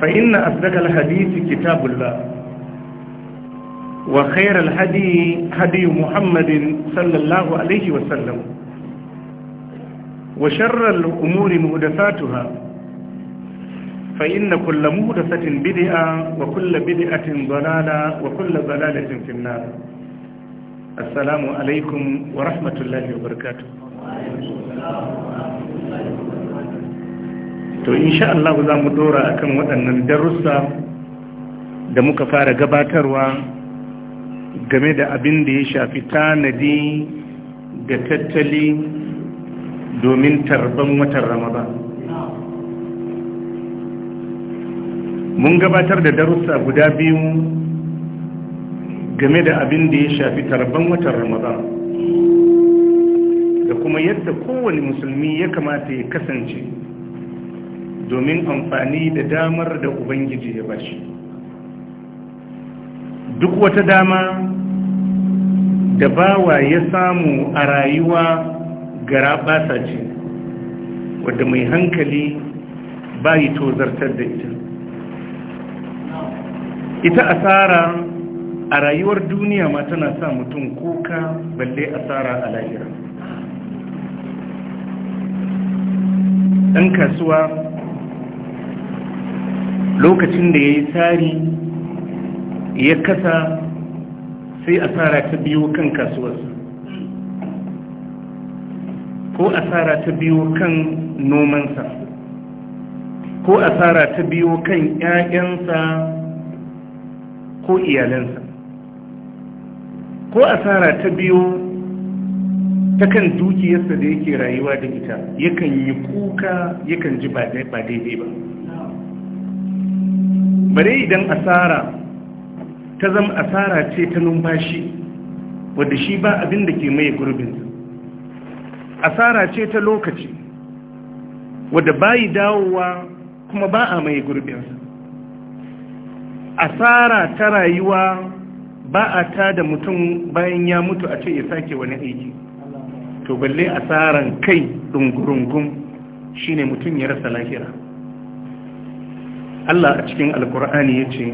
فإن أصدق الحديث كتاب الله وخير الهدي هدي محمد صلى الله عليه وسلم وشر الأمور مهدفاتها فإن كل مهدفة بدئة وكل بدئة ضلالة وكل ضلالة في النار السلام عليكم ورحمة الله وبركاته to insha Allah za mu dora kan waɗannan darussa da muka fara gabatarwa game da abin da ya shafi tanadi da tattali domin tarban watan ramadan mun gabatar da darussa guda biyu game da abin da ya shafi tarban watan ramadan da kuma yadda kowane musulmi ya kamata ya kasance domin amfani da damar da ubangiji ya bashi duk wata dama da bawa ya samu a rayuwa gara basa ce wadda mai hankali bayi tozartar da ita ita asara a rayuwar duniya ma tana sa mutum kuka balle asara a lahira ɗan kasuwa lokacin da ya yi tsari ya kasa sai asara ta biyo kan kasuwarsa ko asara ta biyo kan nomansa ko asara ta biyo kan 'ya'yansa ko iyalansa ko asara ta biyo ta kan dukiyarsa da yake rayuwa da ita yakan yi kuka yakan ji ba daidai ba bare idan asara ta zama asara ce ta numfashi wadda shi ba abin da ke mai gurbinsa asara ce ta lokaci wadda bayi dawowa kuma ba a mai gurbinsa asara ta rayuwa ba a ta da mutum bayan ya mutu a ce ya sake wani aiki to balle asaran kai dungurungun shine mutum ya rasa lahira Allah a cikin alkur'ani ya ce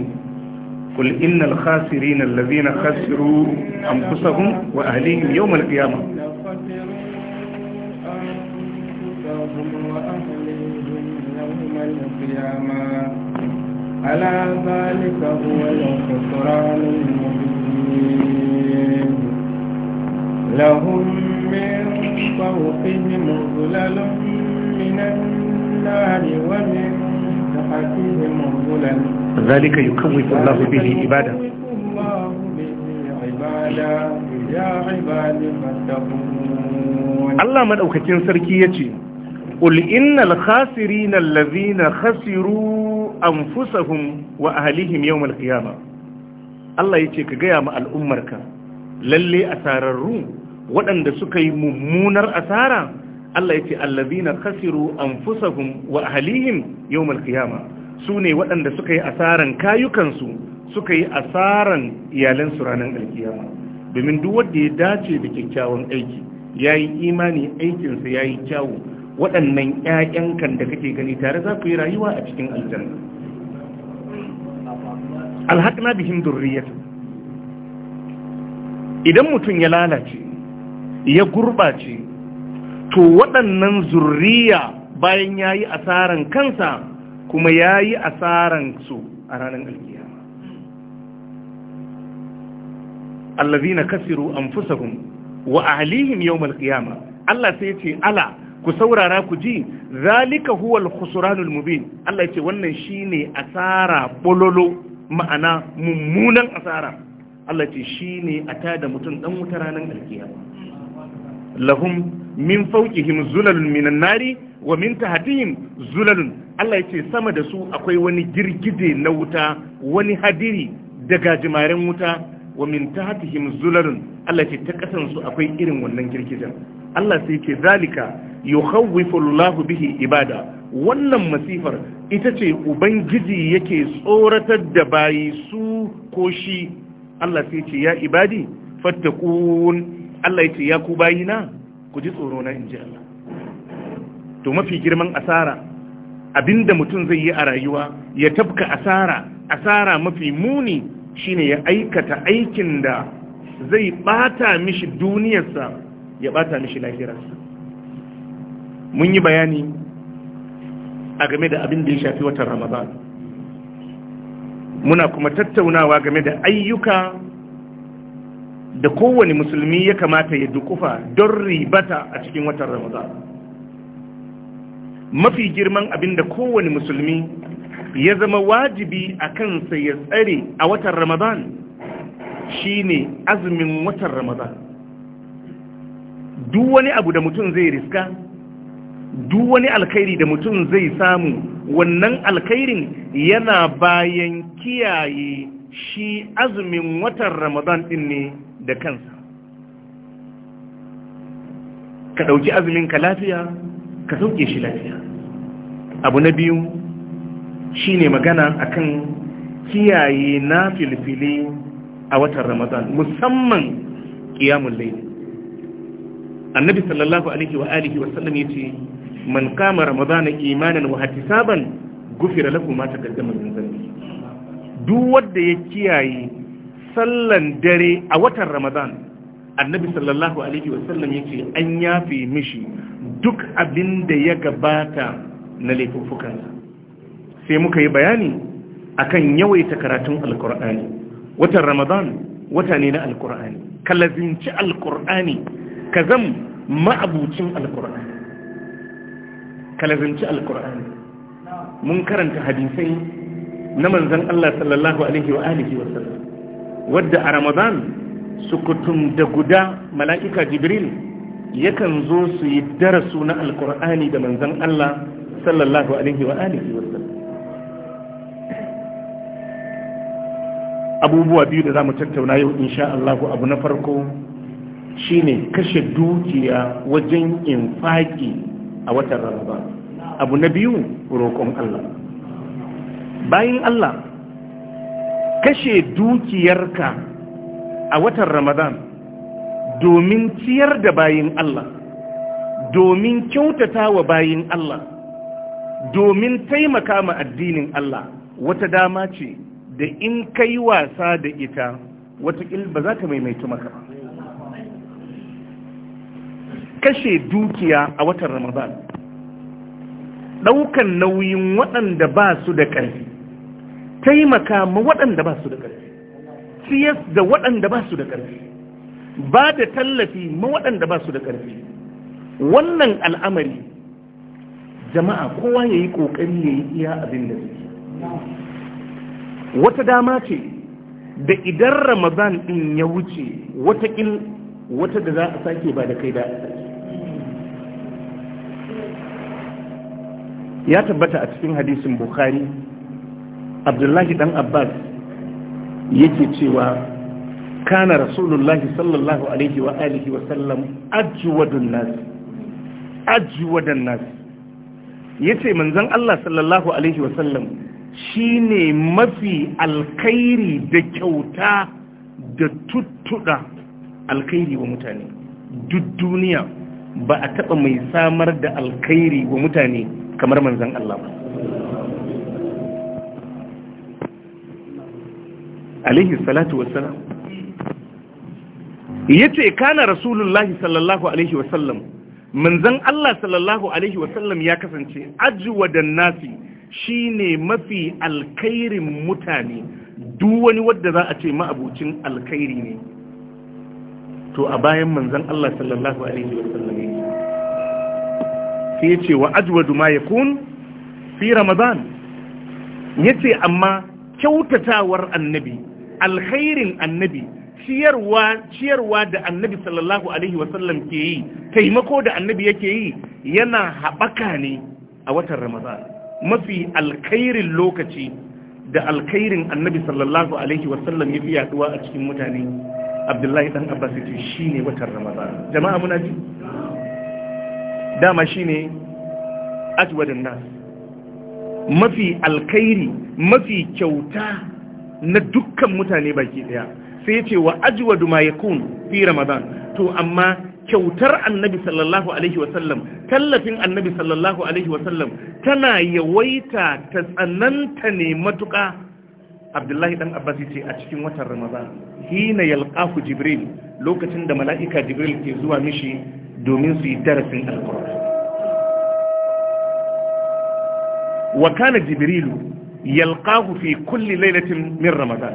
kul innal khasirin allazina khasiru anfusahum wa ahlihim yawm al-qiyamah ألا ذلك هو الخسران المبين لهم من فوقهم ظلل من النار ومن ذلك يكوف الله به عباده Allah maɗaukacin sarki ya ce, Ƙul innal khasiri na lalzina khasiru an fusahun wa ahalihim yau malkiyama. Allah ya ce ka gaya ma al'ummarka, lalle asararru waɗanda suka yi mummunar asara Allah yake allazina khasiru anfusahum wa ahlihim al qiyama sune waɗanda suka yi asaran kayukansu suka yi asaran iyalan su ranar alkiyama domin duk wanda ya dace da kyakkyawan aiki yayi imani aikin sa yayi kyawu waɗannan ƴaƴan kan da kake gani tare za ku yi rayuwa a cikin aljanna alhaqna bihim durriyyah idan mutum ya lalace ya gurbace to waɗannan zurriya bayan ya yi asaran kansa kuma ya yi asaran su a ranar alkiyama na kasiru anfusahum wa ahlihim yawmal qiyama Allah sai ce ala ku saurara ku ji zalika huwal khusranul mubin Allah ce wannan shine asara bololo ma'ana mummunan asara Allah ce shine a tada mutum dan wuta ranan alkiyama lahum min fawqihim zulalun minan nari wa min tahtihim zulalun Allah yace sama da su akwai wani girgije na wuta wani hadiri daga jimaren wuta wa min tahtihim zulalun Allah yace ta kasan su akwai irin wannan girgijen Allah sai yake zalika yukhawwifu Allahu bihi ibada wannan masifar ita ce ubangiji yake tsoratar da bayi su ko shi Allah sai ce ya ibadi fattakun Allah yace ya ku bayina ku ji tsoro na in ji Allah to mafi girman asara abinda mutum zai yi a rayuwa ya tafka asara asara mafi muni shine ya aikata aikin da zai bata mishi duniyarsa ya bata mishi lahirarsa mun yi bayani a game da abin da ya shafi watan ramadan muna kuma tattaunawa game da ayyuka da kowane musulmi ya kamata ya dukufa don ribata a cikin watan ramadan mafi girman abin da kowane musulmi ya zama wajibi a kansa ya tsare a watan ramadan shine azumin watan ramadan duk wani abu da mutum zai riska duk wani alkhairi da mutum zai samu wannan alkhairin yana bayan kiyaye shi azumin watan ramadan din ne da kansa ka ɗauki azumin ka lafiya ka sauke shi lafiya abu na biyu shi ne magana akan kiyaye na filfili a watan ramadan musamman kiyamun laili annabi sallallahu alaihi wa alihi wa sallam ce, man kama ramadana imanin wa saban gufira lafi mata taqaddama zanzan duk wadda ya kiyaye sallan dare a watan ramadan annabi sallallahu alaihi wasallam ya ce an yafe mishi duk abin da ya gabata na laifuffukansa sai muka yi bayani akan yawaita karatun alkur'ani watan ramadan wata ne na alkur'ani ka lazinci alkur'ani ka zam ma'abucin alkur'ani kalazinci lazinci alkur'ani mun karanta hadisai na manzan Allah sallallahu alaihi wa alihi wa sallam wadda a ramadan sukutum da guda mala'ika jibril yakan zo su yi darasu na alkur'ani da manzan Allah sallallahu alaihi wa alihi abubuwa biyu da za mu tattauna yau insha Allah abu na farko shine kashe dukiya wajen infaki a watan ramadan abu na biyu roƙon Allah bayan Allah kashe dukiyarka a watan ramadan domin ciyar da bayin Allah domin kyautata wa bayin Allah domin taimaka ma addinin Allah wata dama ce da in kai wasa da ita watakil ba za ta maimaitu maka kashe dukiya a watan ramadan ɗaukan nauyin waɗanda ba su da ƙarfi taimaka ma waɗanda ba su da ƙarfi siyas da waɗanda ba su da ƙarfi ba da tallafi ma waɗanda ba su da ƙarfi wannan al'amari jama'a kowa ya yi ƙoƙari ya yi iya abin da suke wata dama ce da idan ramadan ɗin ya wuce watakil wata da za a sake ba da kai da ya tabbata a cikin hadisin bukhari abdullahi dan abbas yake cewa kana rasulullahi sallallahu alaihi wa alihi wa sallam ajwadun nas ajwadun nas yace manzon Allah sallallahu alaihi wa sallam shine mafi alkhairi da kyauta da tuttuda alkhairi wa mutane duk duniya ba a taba mai samar da alkhairi wa mutane kamar manzon Allah ba alaihi salatu wassalam yace kana rasulullahi sallallahu alaihi wasallam manzon Allah sallallahu alaihi wasallam ya kasance ajwadan nasi shine mafi alkhairin mutane duk wani wanda za a ce ma'abucin alkhairi ne to a bayan manzon Allah sallallahu alaihi wasallam sai yace wa ajwadu ma yakun fi ramadan yace amma kyautatawar annabi alkhairin annabi ciyarwa ciyarwa da annabi sallallahu alaihi wasallam ke yi taimako da annabi yake yi yana haɓaka ne a watan ramadan mafi alkhairin lokaci da alkhairin annabi sallallahu alaihi wasallam ya fi yaduwa a cikin mutane abdullahi dan abbas ce shine watan ramadan jama'a muna ji dama shine ajwadun nas mafi alkhairi mafi kyauta na dukkan mutane baki daya sai ce wa ajwadu ma kun fi ramadan to amma kyautar annabi sallallahu alaihi sallam, tallafin annabi sallallahu alaihi sallam, tana yawaita ta tsananta ne matuƙa abdullahi dan abbas ce a cikin watan ramadan hina yalqahu jibril lokacin da mala'ika jibril ke zuwa mishi domin su yi darasin alqur'ani wa kana jibrilu yalqahu fi kulli lailatin min ramadan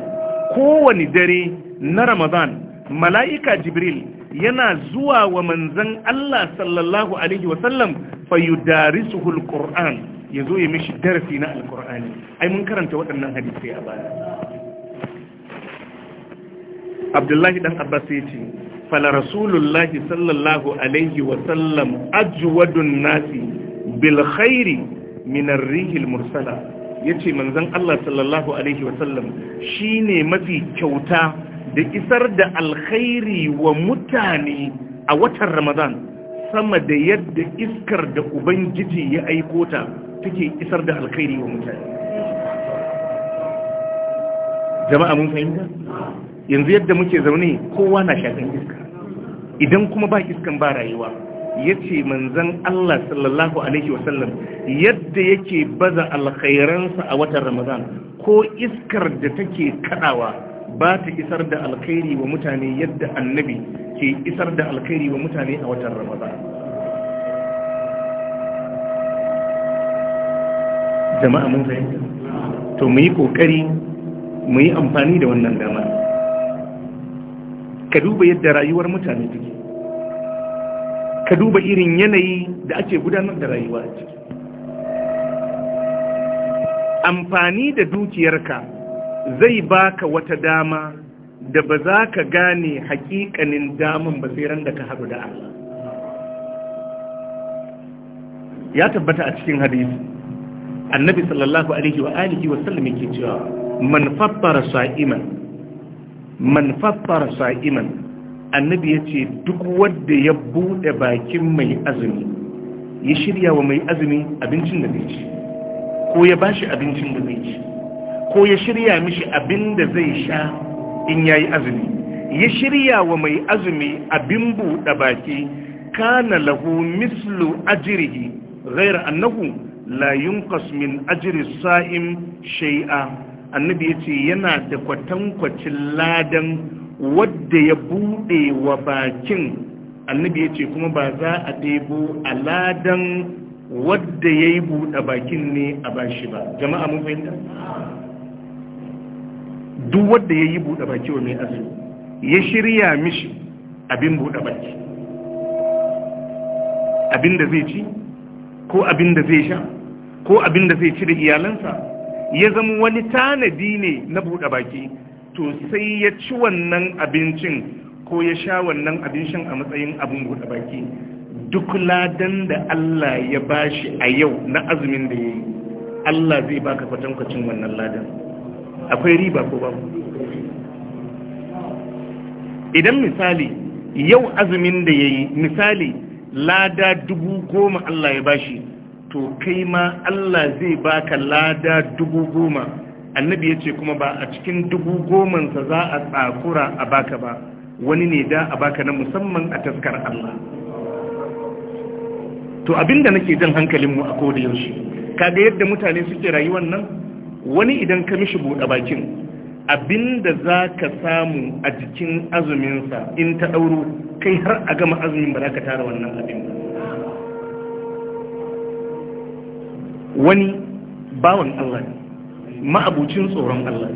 kowani dare na ramadan mala'ika jibril yana zuwa wa manzan Allah sallallahu alaihi wasallam fayudarisuhu alquran yazo ya mishi darasi na alqur'ani ai mun karanta waɗannan hadisi a baya Abdullahi dan Abbas yace fala rasulullahi sallallahu alaihi sallam ajwadun nasi bil khairi min ar-rihil mursala ya ce manzan Allah sallallahu Alaihi wasallam shi ne mafi kyauta da isar da alkhairi wa mutane a watan Ramadan sama da yadda iskar da Ubangiji ya aiko ta take isar da alkhairi wa mutane. Jama'a mun fahimta? Yanzu yadda muke zaune kowa na shafin iska. Idan kuma ba iskan ba rayuwa. ya ce manzan Allah sallallahu Alaihi wasallam yadda yake baza alkhairansa a watan Ramadan ko iskar da take kadawa ba ta isar da alkhairi wa mutane yadda annabi ke isar da alkhairi wa mutane a watan Ramadan. Jama'a mun fahimta? To mu yi ƙoƙari mu yi amfani da wannan dama. Ka duba yadda rayuwar mutane take. ka duba irin yanayi da ake gudanar da rayuwa a ciki amfani da dukiyarka zai baka wata dama da ba za ka gane hakikanin damun ba sai ran da ka haɗu da Allah ya tabbata a cikin hadisi annabi sallallahu alaihi wa alihi wa sallam yake cewa man fattara sa'iman man fattara sa'iman annabi ya ce duk wadda ya buɗe bakin mai azumi ya shirya wa mai azumi abincin da zai ci ko ya bashi abincin da zai ci ko ya shirya mishi abin da zai sha in ya yi azumi ya shirya wa mai azumi abin buɗe baki kana lahu mislu ajirihi ghairu annahu la yunqas min ajri sa'im shay'a annabi yace yana da kwatankwacin ladan wadda ya bude wa bakin annabi ya ce kuma ba za a debo a ladan wadda ya yi bude bakin ne a bashi ba jama'a mun fahimta duk wadda ya yi bude baki wa mai azu ya shirya mishi abin bude baki abin da zai ci ko abin da zai sha ko abin da zai ci da iyalansa ya zama wani tanadi ne na bude baki to sai ya ci wannan abincin ko ya sha wannan abincin a matsayin abin guda baki duk ladan da Allah ya bashi a yau na azumin da ya yi Allah zai baka kwatankwacin wannan ladan akwai riba ko babu idan misali yau azumin da ya yi misali lada dubu goma Allah ya bashi to kai ma Allah zai baka lada dubu goma annabi ya ce kuma ba a cikin dubu gomansa za a tsakura a baka ba wani ne da a baka na musamman a taskar Allah to abinda nake jan hankalinmu a koda yaushe kaga yadda mutane suke rayuwar nan wani idan ka mishi buɗe bakin abinda za ka samu a jikin azuminsa in ta ɗauro kai har a gama azumin ba za ka tara wannan abin wani bawan Allah ne ma'abucin tsoron Allah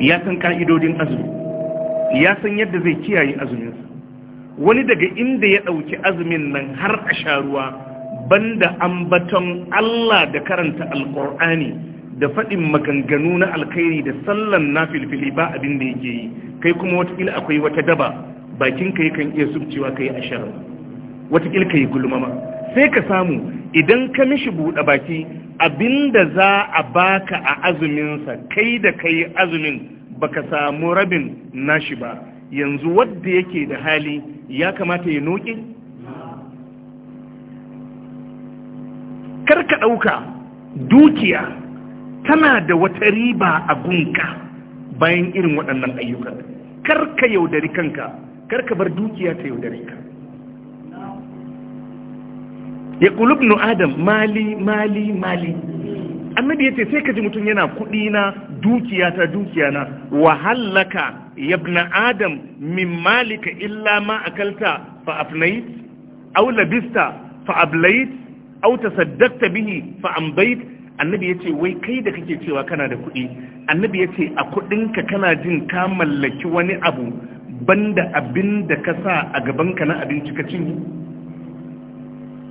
ya san ka'idodin azumi ya san yadda zai kiyaye azuminsa wani daga inda ya ɗauki azumin nan har a sha ruwa banda ambaton Allah da karanta alƙur'ani da faɗin maganganu na alkhairi da sallan na filfili ba abin da yake yi kai kuma watakila akwai wata daba bakin ka kan iya subcewa kai a sharuwa Wata watakila ka yi gulmama sai ka samu idan ka mishi buɗe baki abinda za a baka a azuminsa kai da kai azumin baka samu rabin nashi ba yanzu wadda yake da hali ya kamata ya noƙi? karka ɗauka dukiya tana da wata riba a gunka bayan irin waɗannan ayyukan karka yaudari kanka karka bar dukiya ta yaudari kanka ya kulub nu adam mali mali mali annabi yace sai kaji mutum yana kudi na dukiya ta dukiya na wahallaka hallaka ibn adam min malika illa ma akalta fa afnayt aw labista fa ablayt aw tasaddaqta bihi fa ambayt annabi yace wai kai da kake cewa kana da kudi annabi yace a ka kana jin ka mallaki wani abu banda abin da ka sa a gaban ka na abinci ka cinye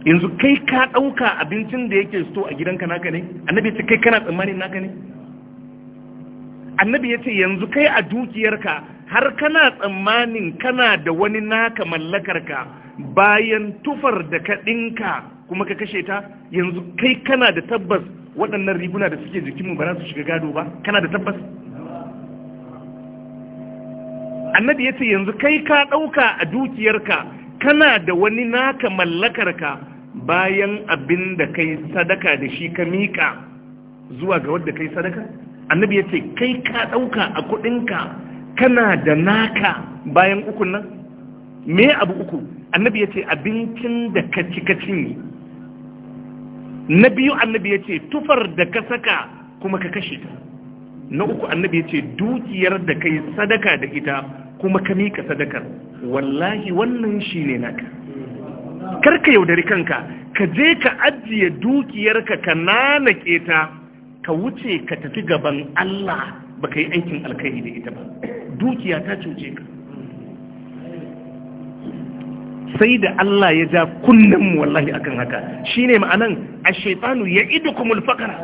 yanzu kai ka ɗauka abincin da yake sto a gidanka naka ne annabi ya ce kai kana tsammanin naka ne annabi ya ce yanzu kai a dukiyarka har kana tsammanin kana da wani naka mallakarka bayan tufar da ka ɗinka kuma ka kashe ta yanzu kai kana da tabbas waɗannan riguna da suke jikinmu ba za su shiga gado ba kana da tabbas annabi ya ce yanzu kai ka ɗauka a dukiyarka kana da wani naka mallakarka bayan abin da kai sadaka da shi ka miƙa zuwa ga wadda kai sadaka annabi ya ce kai ka ɗauka a kuɗinka kana da naka bayan ukun nan me abu uku annabi ya ce abincin da ka ci ka cinye na biyu annabi ya ce tufar da ka saka kuma ka kashe ta na uku annabi ya ce dukiyar da kai sadaka da ita kuma ka miƙa sadakar wallahi wannan shi ne naka karka yaudari kanka ka je ka ajiye dukiyarka ka nanake ta ka wuce ka tafi gaban Allah baka yi aikin alkhairi da ita ba dukiya ta cuce ka sai da Allah ya ja kullum wallahi akan haka shine ma'anan ash-shaytanu ya'idukumul faqra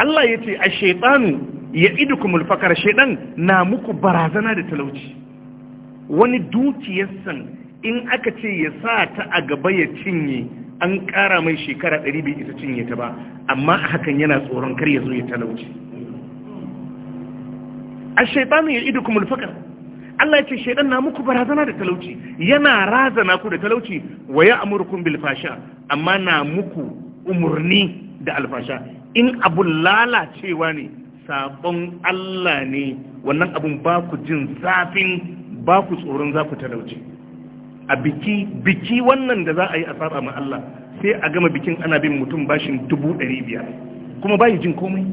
Allah ya ce ash-shaytanu ya idukumul fakar shedan na muku barazana da talauci wani dukiyarsan in aka ce ya sa ta a gaba ya cinye an ƙara mai shekara ɗari bai isa cinye ta ba amma hakan yana tsoron kar ya zo ya talauci a shaitanu ya idu kumul fakar Allah ce shaidan na muku barazana da talauci yana razana ku da talauci wa ya amurkun bilfasha amma na muku umurni da alfasha in abun lalacewa ne sabon Allah ne wannan abun ba ku jin zafin ba ku tsoron za ku talauci a biki biki wannan da za a yi a saba ma Allah sai a gama bikin ana bin mutum bashin dubu ɗari biyar kuma bayi jin komai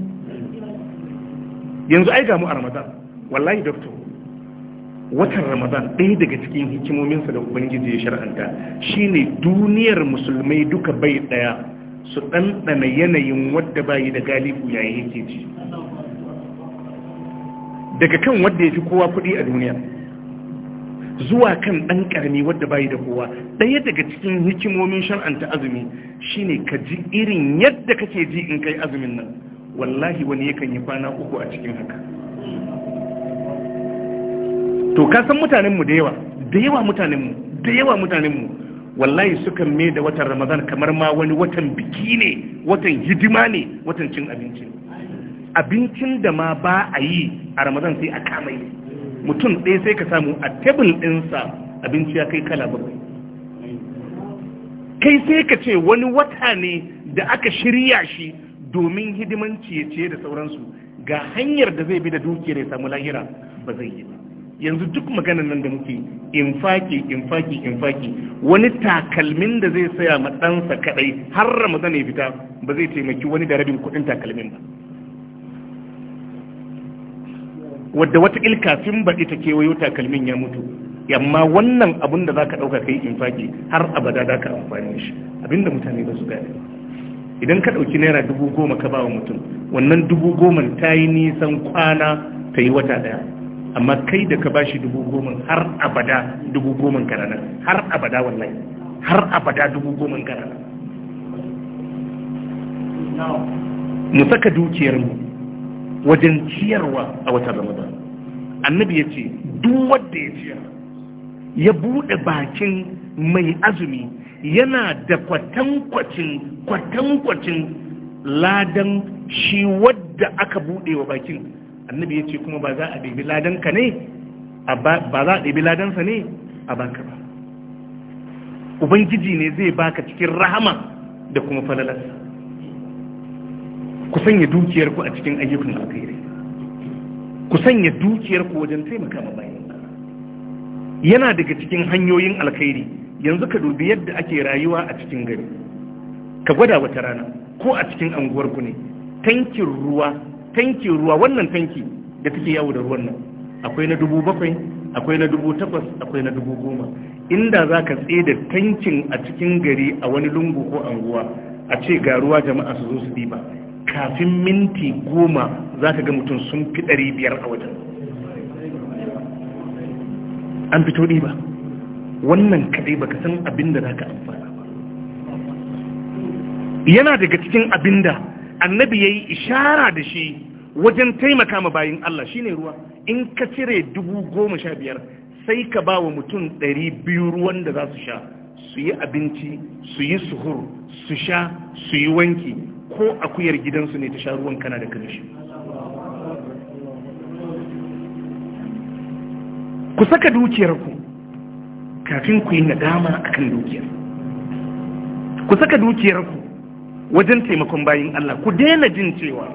yanzu ai gamu a ramadan wallahi doctor watan ramadan ɗaya daga cikin hikimominsa da ubangiji ya shar'anta shine duniyar musulmai duka bai ɗaya su ɗanɗana yanayin wadda bayi da galibu yayin yake ci daga kan wanda ya fi kowa kuɗi a duniya zuwa kan ɗan ƙarami wadda bayi da kowa ɗaya daga cikin hikimomin shar'anta azumi shine ka ji irin yadda kake ji in kai azumin nan wallahi wani yakan yi kwana uku a cikin haka to ka san mutanenmu da yawa da yawa mutanenmu da yawa mutanenmu wallahi sukan mai da watan ramadan kamar ma wani watan biki ne watan hidima ne watan cin abinci ne abincin da ma ba a yi a ramadan sai a kama yi mutum ɗaya sai ka samu a tebul ɗinsa abinci ya kai kala bakwai kai sai ka ce wani wata ne da aka shirya shi domin hidiman ciye-ciye da sauransu ga hanyar da zai bi da dukiyar ya samu lahira ba zai yi yanzu duk maganan nan da muke infaki infaki infaki wani takalmin da zai saya ma ɗansa kaɗai har ramadan ya fita ba zai taimaki wani da rabin kuɗin takalmin ba wadda wata kafin baɗi ta kewayo takalmin ya mutu yamma wannan abin da za ka ɗauka kai infaki har abada za ka amfani shi abinda mutane ba su gane idan ka ɗauki naira dubu goma ka ba wa mutum wannan dubu goma ta yi nisan kwana ta yi wata ɗaya amma kai da ka bashi dubu goma har abada dubu goma karana har abada wallahi har abada dubu goma karana mu saka dukiyarmu wajen ciyarwa a watan ramadan annabi ya ce duk wanda ya ciyar ya buɗe bakin mai azumi yana da kwatankwacin kwatankwacin ladan shi wadda aka buɗe wa bakin annabi ya ce kuma ba za a ɗabi ka ne ba za a ɗabi ladansa ne a baka ba ubangiji ne zai baka cikin rahama da kuma falalarsa ku sanya dukiyar ku a cikin ayyukan alkhairi ku sanya dukiyar ku wajen taimaka ma bayan yana daga cikin hanyoyin alkhairi yanzu ka dubi yadda ake rayuwa a cikin gari ka gwada wata rana ko a cikin anguwar ku ne tankin ruwa tankin ruwa wannan tanki da take yawo da ruwan nan akwai na dubu bakwai akwai na dubu takwas akwai na dubu goma inda za ka da tankin a cikin gari a wani lungu ko anguwa a ce ga ruwa jama'a su zo su diba kafin minti goma za ka ga mutum sun fi ɗari biyar a wajen an fito ɗi ba wannan kaɗai ba ka san abin da za ka amfana ba yana daga cikin abin da annabi ya yi ishara da shi wajen taimaka ma bayin Allah ne ruwa in ka cire dubu goma sha biyar sai ka ba wa mutum ɗari biyu ruwan da za su sha su yi abinci su yi suhur su sha su yi wanki ko akuyar gidansu ne ta sha ruwan kana da kamishi ku saka dukiyarku kafin ku yi nadama akan dukiyar ku saka dukiyarku wajen taimakon bayan Allah ku daina jin cewa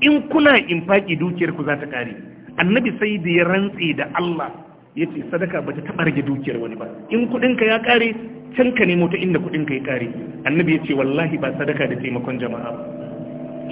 in kuna infaki dukiyarku za ta kare annabi sai da ya rantse da Allah yace sadaka bata taba rage dukiyar wani ba in kudin ka ya kare can ka nemo ta inda kudin ka ya kare annabi yace wallahi ba sadaka da taimakon jama'a ba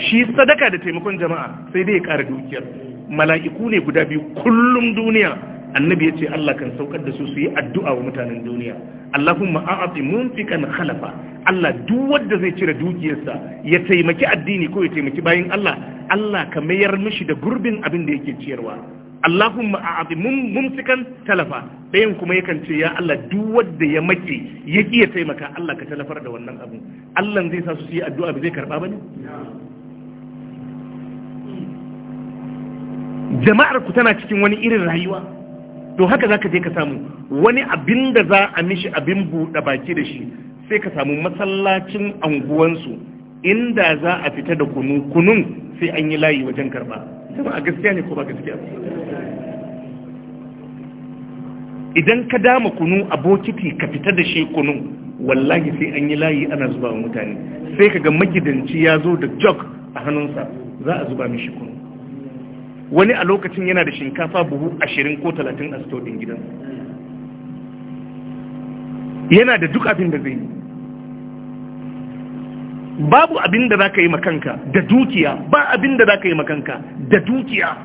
shi sadaka da taimakon jama'a sai dai ya kara dukiyar mala'iku ne guda biyu kullum duniya annabi yace Allah kan saukar da su su yi addu'a wa mutanen duniya Allahumma a'ti munfikan khalafa Allah duk wanda zai cire dukiyarsa ya taimaki addini ko ya taimaki bayin Allah Allah ka mayar mishi da gurbin abin da yake ciyarwa Allahumma abin mumsikan talafa ɗayan kuma yakan ce ya Allah duk wanda ya make ya ki ya taimaka Allah ka talafar da wannan abin, Allah zai sa su yi addu'a ba zai karba bane jama'ar ku tana cikin wani irin rayuwa to haka zaka je ka samu wani abin da za a mishi abin buɗe baki da shi sai ka samu masallacin anguwansu inda za a fita da kunu kunun sai an yi layi wajen karba A gaskiya ne ko ba gaskiya ba idan ka dama kunu a bokiti ka fita da shi kunu wallahi sai an yi layi ana zuba wa mutane sai ka ga magidanci ya zo da jog a hannunsa za a zuba mishi kunu wani a lokacin yana da shinkafa buhu ashirin ko talatin a stodin gidan yana da duk abin da zai yi babu abin da za ka yi makanka da dukiya ba abin da za ka yi makanka da dukiya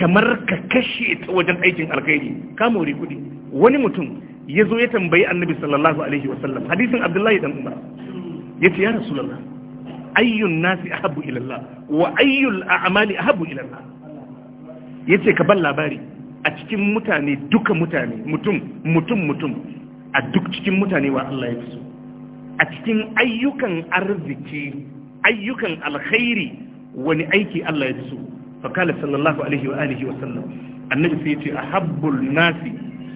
kamar ka kashe ta wajen aikin alkhairi ka more kuɗi wani mutum ya zo ya tambayi annabi sallallahu alaihi wasallam hadisin abdullahi dan umar ya ce ya rasulallah ayyun nasi ahabu ilallah wa ayyul a'mali ahabu ilallah ya ce ka ban labari a cikin mutane duka mutane mutum mutum mutum a duk cikin mutane wa Allah ya fi so a cikin ayyukan arziki ayyukan alkhairi wani aiki Allah ya fi so فقال صلى الله عليه وآله وسلم النبي سيتي أحب الناس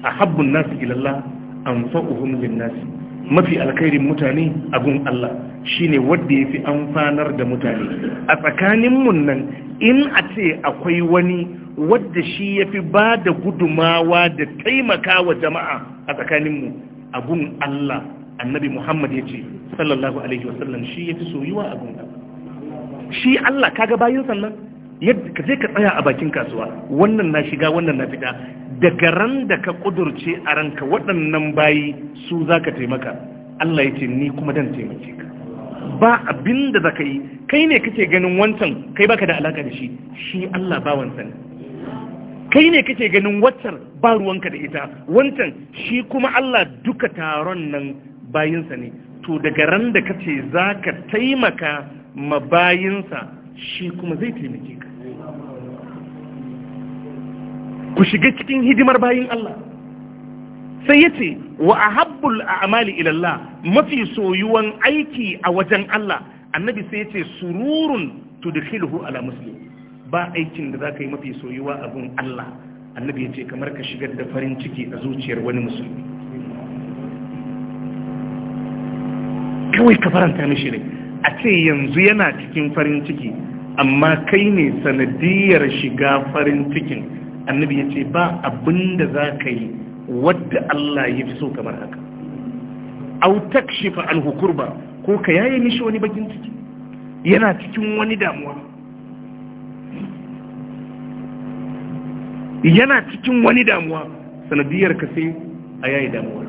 أحب الناس إلى الله أنفعهم للناس ما في الخير متاني أقوم الله شيني ودي في أنفانر دا متاني أتكاني منن إن أتي أقوي وني wadda shi ya fi ba da gudumawa da taimaka jama'a a tsakaninmu abun Allah annabi Muhammad ya ce sallallahu Alaihi wasallam shi ya fi soyuwa abun Allah shi Allah bayin sannan yadda ka je ka tsaya a bakin kasuwa wannan na shiga wannan na fita daga ran da ka kudurce a ranka waɗannan bayi su za ka taimaka Allah ya ce ni kuma dan taimake ka ba abin da za ka yi kai ne kake ganin wancan kai baka da alaka da shi shi Allah ba wancan kai ne kake ganin waccar ba ruwanka da ita wancan shi kuma Allah duka taron nan bayinsa ne to daga ran da kace za ka taimaka mabayinsa shi kuma zai taimake ka ku shiga cikin hidimar bayin Allah sai ya ce wa ahabbul a'mali ila Allah mafi soyuwan aiki a wajen Allah annabi sai ya ce sururun tudkhiluhu ala muslim ba aikin da zaka yi mafi soyuwa abun Allah annabi ya ce kamar ka shigar da farin ciki a zuciyar wani musulmi kawai ka faranta mishi ne a ce yanzu yana cikin farin ciki amma kai ne sanadiyar shiga farin cikin annabi ya ce ba abin da za ka yi wadda Allah ya fi so kamar haka au takshifa anhu kurba ko ka yaye mishi wani bakin ciki yana cikin wani damuwa yana cikin wani damuwa sanadiyar ka sai a yaye damuwa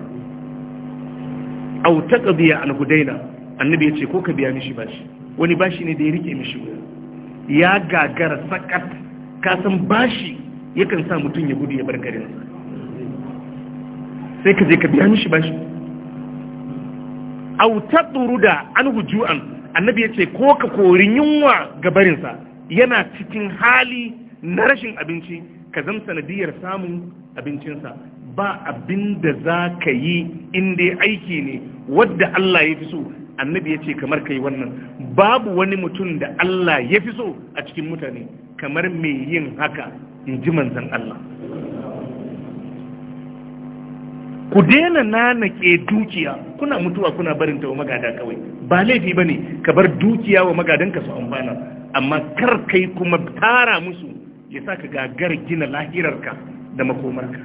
au taqdiya anhu daina annabi ya ce ko ka biya mishi bashi wani bashi ne da ya rike mishi wuya ya gagara sakat kasan bashi yakan sa mutum ya gudu ya bar garin sai ka je ka biya mishi bashi au da an hujuan annabi yace ko ka kori yunwa ga barinsa yana cikin hali na rashin abinci ka zama sanadiyar samun abincinsa ba abinda da za ka yi inda aiki ne wadda Allah ya fi so annabi ya ce kamar ka yi wannan babu wani mutum da Allah ya fi so a cikin mutane kamar mai yin haka in ji manzan Allah ku daina nanake dukiya kuna mutuwa kuna barin ta wa magada kawai ba laifi ba ne ka bar dukiya wa magadanka su amfana amma kar kai kuma tara musu ya sa ka gagar gina lahirarka da makomarka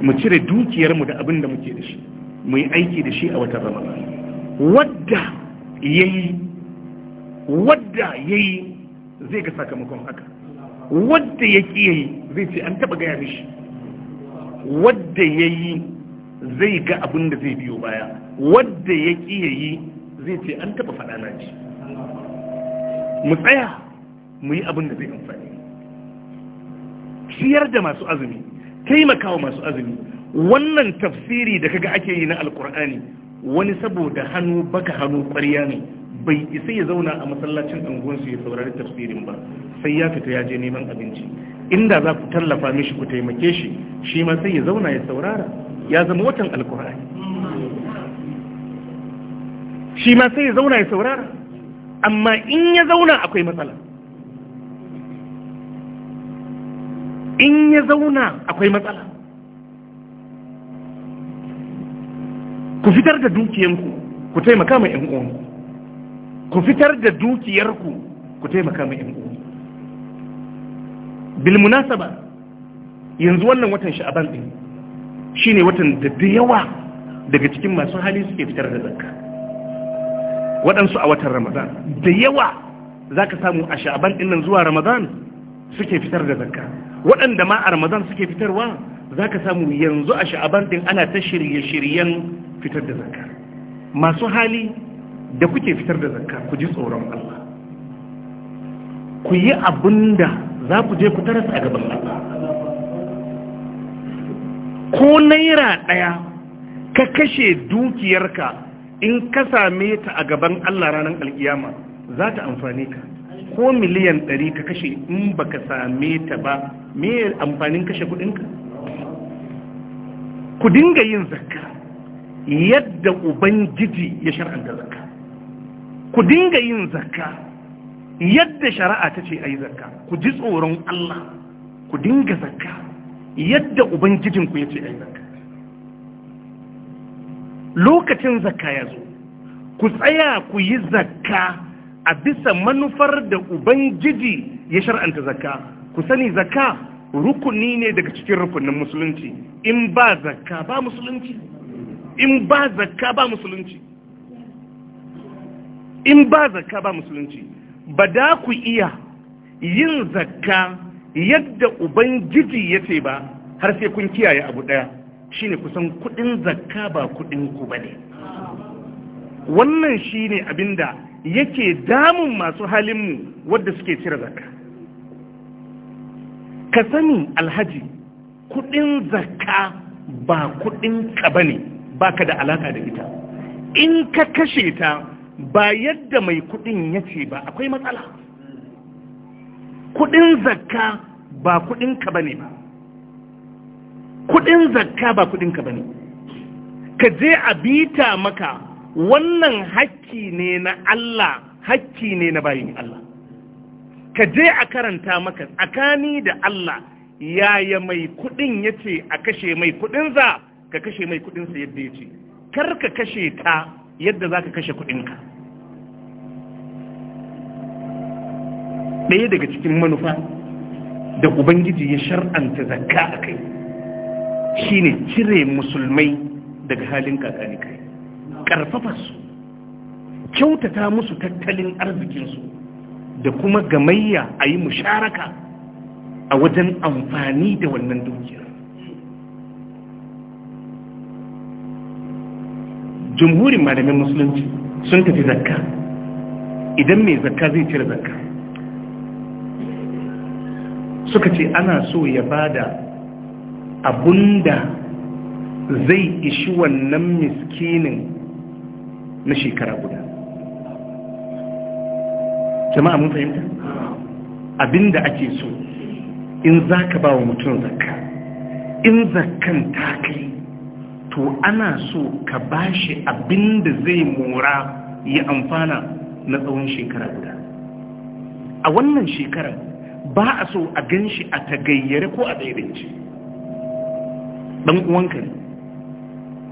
mu cire dukiyarmu da abin da muke da shi mu yi aiki da shi a wata ramadan wadda yayi wadda yayi zai ga sakamakon haka wadda ya ƙi yayi zai ce an taɓa gaya mishi wadda ya yi zai ga abin da zai biyo baya wadda ya ƙi yayi zai ce an taɓa faɗa na ji mu tsaya mu yi abin da zai amfani ciyar da masu azumi taimakawa masu azumi wannan tafsiri da kaga ake yi na alkur'ani wani saboda hannu baka hannu ƙwarya ne bai isa ya zauna a masallacin anguwansu ya saurari tafsirin ba sai ya fita ya je neman abinci inda za ku tallafa mishi ku taimake shi shi ma sai ya zauna ya saurara ya zama watan alkur'ani shi ma sai ya zauna ya saurara amma in ya zauna akwai matsala in ya zauna akwai matsala ku fitar da dukiyanku ku taimaka mai 'yan ku fitar da dukiyarku ku taimaka ma yan uwa Bilmunasaba, yanzu wannan watan sha'aban din shine watan da da yawa daga cikin masu hali suke fitar da zakka waɗansu a watan ramadan da yawa zaka samu a sha'aban din nan zuwa ramadan suke fitar da zakka waɗanda ma a ramadan suke fitarwa zaka samu yanzu a sha'aban din ana ta shirye-shiryen fitar da zakka masu hali da kuke fitar da zakka ku ji tsoron Allah ku yi abin da za ku je ku taras a gaban Allah ko naira ɗaya ka kashe dukiyarka in ka same ta a gaban Allah ranar alkiyama za ta amfani ka ko miliyan ɗari ka kashe in baka same ta ba me amfanin kashe kudinka ku dinga yin zakka yadda ubangiji ya shar'anta zakka ku dinga yin zakka yadda shari'a ta ce a yi zakka ku ji tsoron Allah ku dinga zakka yadda ubangijinku ya ce a yi zakka lokacin zakka ya zo ku tsaya ku yi zakka a bisa manufar da ubangiji ya shar'anta zakka ku sani zakka rukuni ne daga cikin rukunin musulunci in ba zakka ba musulunci in ba zakka ba musulunci in ba zakka ba musulunci ba da ku iya yin zakka yadda ubangiji ya ce ba har sai kun kiyaye abu ɗaya shine kusan kuɗin zakka ba kuɗin ku bane wannan shine abinda yake damun masu halinmu wadda suke cire zakka ka sani alhaji kuɗin zakka ba kuɗin ka bane baka da alaka da ita in ka kashe ta ba yadda mai kudin ya ce ba akwai matsala kudin zakka ba kudin ba ne ba kudin zakka ba kudin ba ne ka je a bita maka wannan hakki ne na Allah hakki ne na bayin Allah ka je a karanta maka tsakani da Allah yaya mai kudin ya ce a kashe mai kudin za ka kashe mai sa yadda ya ce kar ka kashe ta yadda za ka kashe kuɗinka. ɗaya daga cikin manufa da ubangiji ya shar'anta zakka a kai shine cire musulmai daga halin kakani kai ƙarfafa su kyautata musu tattalin arzikinsu da kuma gamayya a yi musharaka a wajen amfani da wannan dukiyar jumhurin malamin musulunci sun tafi zakka idan mai zakka zai cire zakka suka ce ana so ya bada abunda zai ishi wannan miskinin na shekara guda jama'a mun fahimta abinda ake so in za ka ba wa mutum zakka in zakkan ta kai to ana so ka bashi abin da zai mora ya amfana na tsawon shekara guda a wannan shekarar ba a so a gan shi a tagayyare ko a daidaici ɗan uwanka ne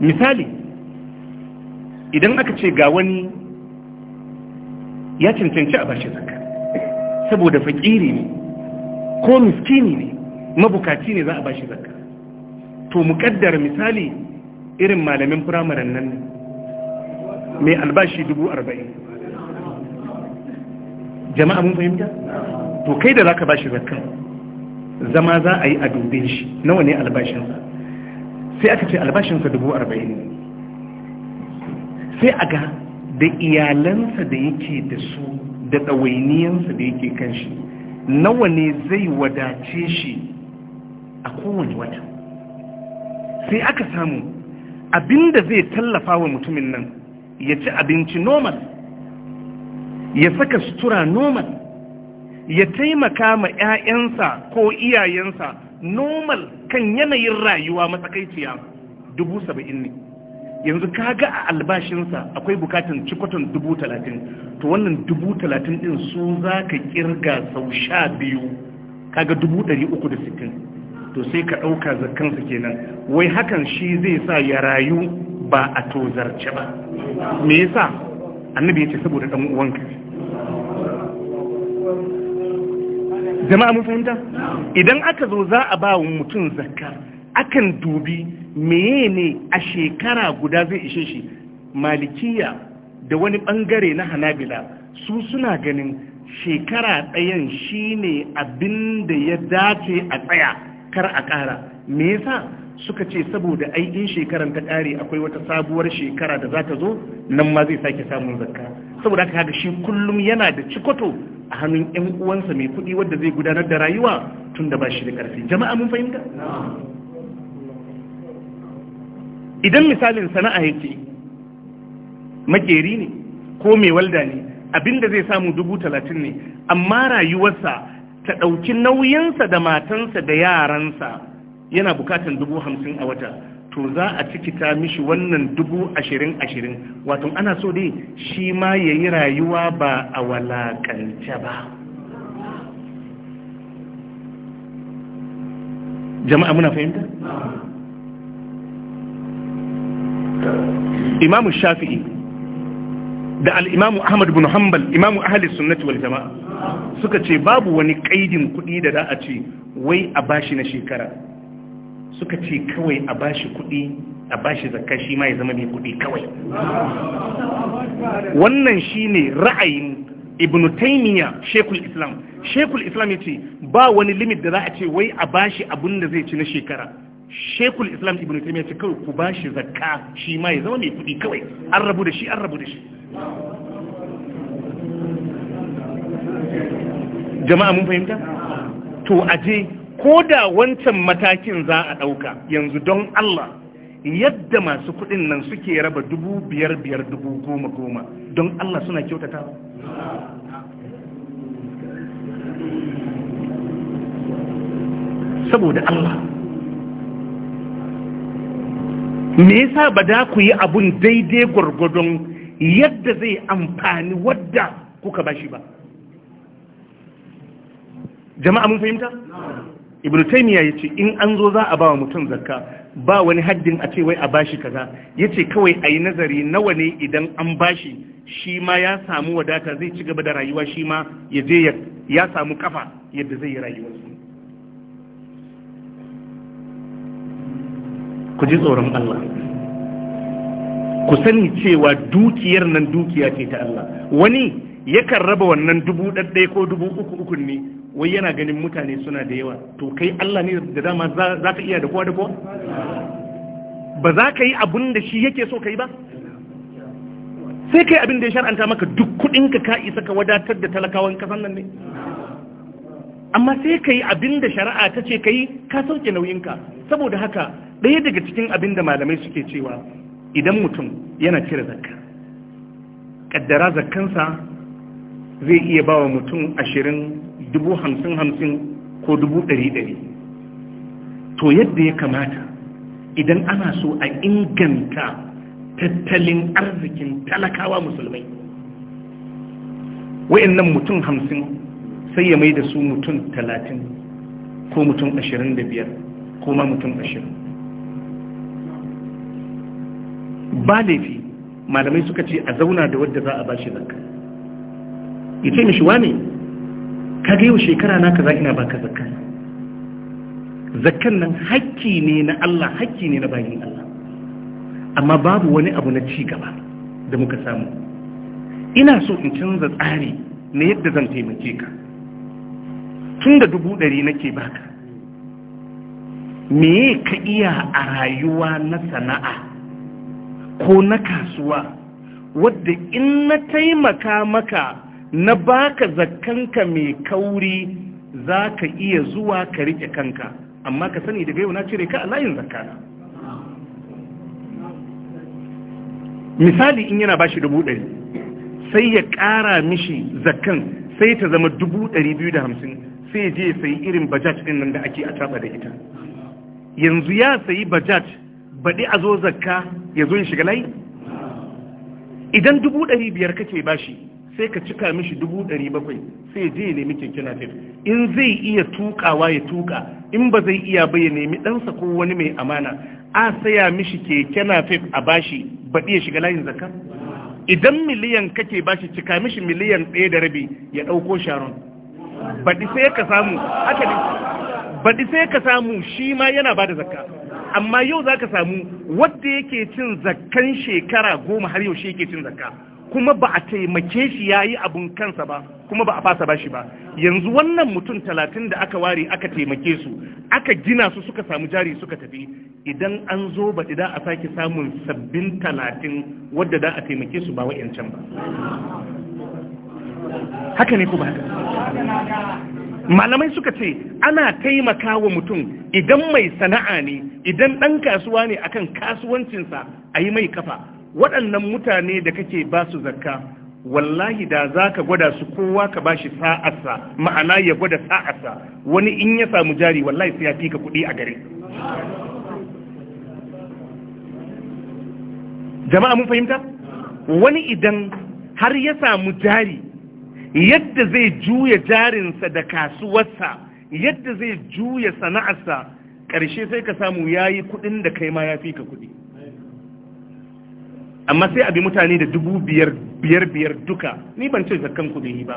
misali idan aka ce ga wani ya cancanci a bashi zaka saboda fakiri ne ko miskini ne mabukaci ne za a bashi zaka to muƙaddara misali irin malamin firamaren nan mai albashi dubu arba'in jama'a mun fahimta to kai da zaka bashi zakkan zama za a yi a dube shi nawa ne albashinsa sai aka ce albashinsa dubu arba'in ne sai a ga da iyalansa da yake da su da ɗawainiyansa da yake kan shi nawa ne zai wadace shi a kowane wata sai aka samu abinda zai tallafa wa mutumin nan ya ci abinci normal ya saka sutura normal ya taimaka ma 'ya'yansa ko iyayensa normal kan yanayin rayuwa matsakaiciya dubu saba'in ne yanzu kaga a albashinsa akwai bukatun cikoton dubu talatin to wannan dubu talatin din su za ka kirga sau sha biyu kaga dubu ɗari uku da sittin to sai ka ɗauka zakansa kenan wai hakan shi zai sa ya rayu ba a tozarce ba me yasa annabi ya ce saboda ɗan uwanka jama'a mun fahimta idan aka zo za a ba wa mutum zakka akan dubi meye ne a shekara guda zai ishe shi malikiya da wani bangare na hanabila su suna ganin shekara ɗayan shine abin da ya dace a tsaya kar a ƙara me yasa suka ce saboda ai in shekaran ta ƙare akwai wata sabuwar shekara da za ta zo nan ma zai sake samun zakka saboda haka ga shi kullum yana da cikoto a hannun ƴan uwansa mai kuɗi wanda zai gudanar da rayuwa tun da ba shi da ƙarfi jama'a mun fahimta idan misalin sana'a yake makeri ne ko mai walda ne abinda zai samu dubu talatin ne amma rayuwarsa ta ɗauki nauyinsa da matansa da yaransa yana bukatan dubu hamsin a wata to za a cikita mishi wannan dubu ashirin ashirin wato ana so dai shi ma ya yi rayuwa ba a walakance ba jama'a muna fahimta? imamu shafi'i da al'imamu ahmad bin hanbal imamu ahalis sunnati wal jama'a suka ce babu wani kaidin kudi da za a ce wai a bashi na shekara suka ce kawai a bashi kuɗi a bashi zakka shi ma ya zama mai kuɗi kawai wannan shi ne ra'ayin ibn taimiyya shekul islam shekul islam ya ce ba wani limit da za a ce wai a bashi abun da zai ci na shekara shekul islam ibn taimiyya ce kawai ku bashi zakka shi ma ya zama mai kuɗi kawai an rabu da shi an rabu da shi jama'a mun fahimta to je ko da wancan matakin za a ɗauka yanzu don Allah yadda masu kuɗin nan suke raba dubu biyar biyar dubu goma goma don Allah suna kyautata saboda Allah me yasa ba da ku yi abun daidai gwargwadon yadda zai amfani wadda kuka bashi ba jama'a mun fahimta ibnu taymiya yace in an zo za a ba wa mutum zakka ba wani haddin a ce wai a bashi kaza yace kawai ayi nazari nawa ne idan an bashi shi ma ya samu wadata zai ci gaba da rayuwa shi ma ya je ya samu kafa yadda zai yi rayuwarsa ku ji tsoron Allah ku sani cewa dukiyar nan dukiya ce ta Allah wani yakan raba wannan dubu ɗaɗɗaya ko dubu uku uku ne wai yana ganin mutane suna da yawa to kai Allah ne da dama za ka iya da kowa da kowa ba za ka yi abin da shi yake so ka ba sai kai abin da ya shar'anta maka duk kudinka ka isa ka wadatar da talakawan kasan nan ne amma sai ka yi abin da shari'a ta ce ka yi ka sauke nauyinka saboda haka ɗaya daga cikin abin da malamai suke cewa idan mutum yana cire zakka ƙaddara zakkansa zai iya ba wa mutum ashirin dubu hamsin hamsin ko dubu ɗari ɗari to yadda ya kamata idan ana so a inganta tattalin arzikin talakawa musulmai wayannan mutum hamsin sai ya mai da su mutum talatin ko mutum ashirin da biyar ko ma mutum ashirin ba laifi malamai suka ce a zauna da wadda za a bashi zakka ya ce mishi ne ka ga yau shekara na kaza ina baka zakka zakkan nan hakki ne na Allah hakki ne na bayin Allah amma babu wani abu na ci gaba da muka samu ina so in canza tsari na yadda zan taimake ka tun da dubu ɗari nake baka me ka iya a rayuwa na sana'a ko na kasuwa wadda in na taimaka maka na baka zakkanka mai kauri za ka iya zuwa ka rike kanka amma ka sani daga yau na cire ka a layin zakkana misali in yana bashi dubu ɗari sai ya ƙara mishi zakkan sai ta zama dubu ɗari biyu da hamsin sai je sai irin bajaj ɗin nan da ake a taɓa da ita yanzu ya sayi bajaj baɗi a zo zakka ya zo ya shiga layi idan dubu ɗari biyar kake bashi sai ka cika mishi dubu ɗari bakwai sai je ya nemi keke napep in zai iya tukawa ya tuka in ba zai iya ba ya nemi ɗansa ko wani mai amana a saya mishi keke napep a bashi baɗi ya shiga layin zakar idan miliyan kake bashi cika mishi miliyan ɗaya da rabi ya ɗauko sharon baɗi sai ka samu haka ne baɗi sai ka samu shi ma yana bada zakka amma yau za ka samu wadda yake cin zakkan shekara goma har yaushe yake cin zakka kuma ba a taimake shi ya yi abun kansa ba kuma ba a fasa ba shi ba yanzu wannan mutum talatin da aka ware aka taimake su aka gina su suka samu jari suka tafi idan an zo ba idan a sake samun sabbin talatin wadda da a taimake su ba wa'yancan ba haka ne ku ba haka malamai suka ce ana taimaka wa mutum idan mai sana'a ne idan ɗan kasuwa ne akan kasuwancinsa a yi mai kafa waɗannan mutane da kake ba su zakka wallahi da za ka gwada su kowa ka bashi sa'arsa ma'ana ya gwada sa'arsa wani in ya samu jari wallahi sai ya fi ka kuɗi a gare jama'a mun fahimta wani idan har ya samu jari yadda zai juya jarinsa da kasuwarsa yadda zai juya sana'arsa ƙarshe sai ka samu ya yi kuɗin da kai ma ya fi ka kuɗi amma sai a abi mutane da dubu biyar biyar biyar duka ni ban ce zakan ku bai yi ba